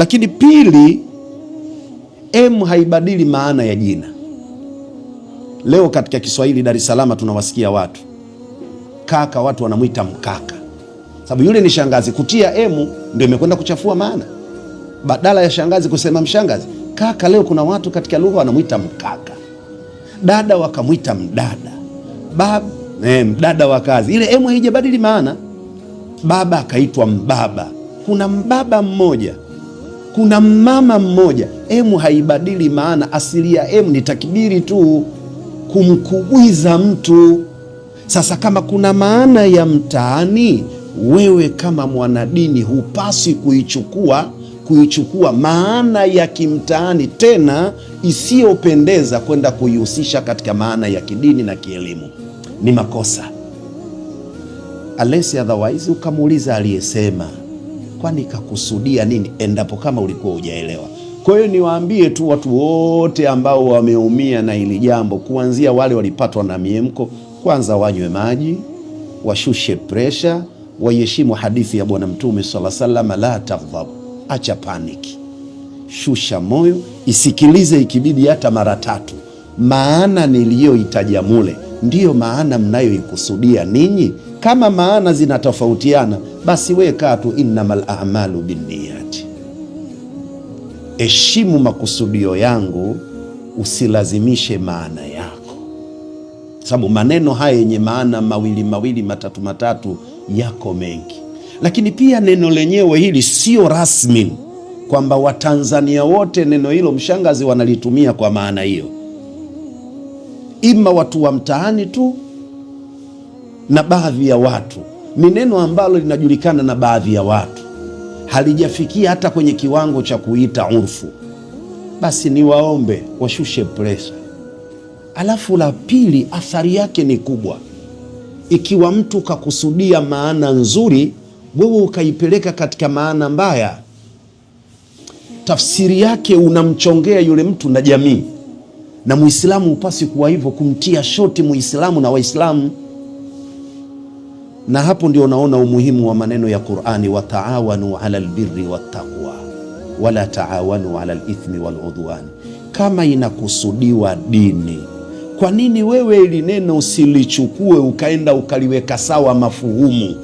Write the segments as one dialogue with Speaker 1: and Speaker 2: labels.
Speaker 1: Lakini pili, M haibadili maana ya jina. Leo katika Kiswahili Dar es Salaam tunawasikia watu kaka, watu wanamwita mkaka, sababu yule ni shangazi. Kutia M ndio imekwenda kuchafua maana, badala ya shangazi kusema mshangazi, kaka. Leo kuna watu katika lugha wanamwita mkaka, dada wakamwita mdada, bab eh, mdada wa kazi. Ile M haijabadili maana. Baba akaitwa mbaba. Kuna mbaba mmoja kuna mama mmoja emu haibadili maana, asili ya m ni takibiri tu, kumkuiza mtu. Sasa kama kuna maana ya mtaani, wewe kama mwanadini hupasi kuichukua kuichukua maana ya kimtaani tena isiyopendeza kwenda kuihusisha katika maana ya kidini na kielimu, ni makosa. alesi otherwise ukamuuliza aliyesema nilikuwa nikakusudia nini, endapo kama ulikuwa hujaelewa. Kwa hiyo niwaambie tu watu wote ambao wameumia na hili jambo, kuanzia wale walipatwa na miemko, kwanza wanywe maji, washushe presha, waiheshimu hadithi ya Bwana Mtume sala salama, la taghdhab, acha paniki, shusha moyo, isikilize ikibidi hata mara tatu, maana niliyoitaja mule ndiyo maana mnayoikusudia ninyi? Kama maana zinatofautiana, basi weka tu innamal a'malu binniyati, heshimu makusudio yangu, usilazimishe maana yako, sababu maneno haya yenye maana mawili mawili matatu matatu yako mengi, lakini pia neno lenyewe hili sio rasmi kwamba Watanzania wote neno hilo mshangazi wanalitumia kwa maana hiyo ima watu wa mtaani tu na baadhi ya watu. Ni neno ambalo linajulikana na baadhi ya watu, halijafikia hata kwenye kiwango cha kuita urfu. Basi niwaombe washushe presha. Alafu la pili, athari yake ni kubwa. Ikiwa mtu kakusudia maana nzuri, wewe ukaipeleka katika maana mbaya, tafsiri yake unamchongea yule mtu na jamii na Muislamu upasi kuwa hivyo, kumtia shoti Muislamu na Waislamu. Na hapo ndio naona umuhimu wa maneno ya Qur'ani, wataawanu ala birri wattaqwa wala taawanu ala lithmi wal udwan. Kama inakusudiwa dini, kwa nini wewe ili neno usilichukue ukaenda ukaliweka sawa mafuhumu?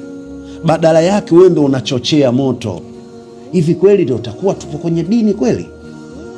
Speaker 1: Badala yake wewe ndio unachochea moto. Hivi kweli ndio utakuwa tupo kwenye dini kweli?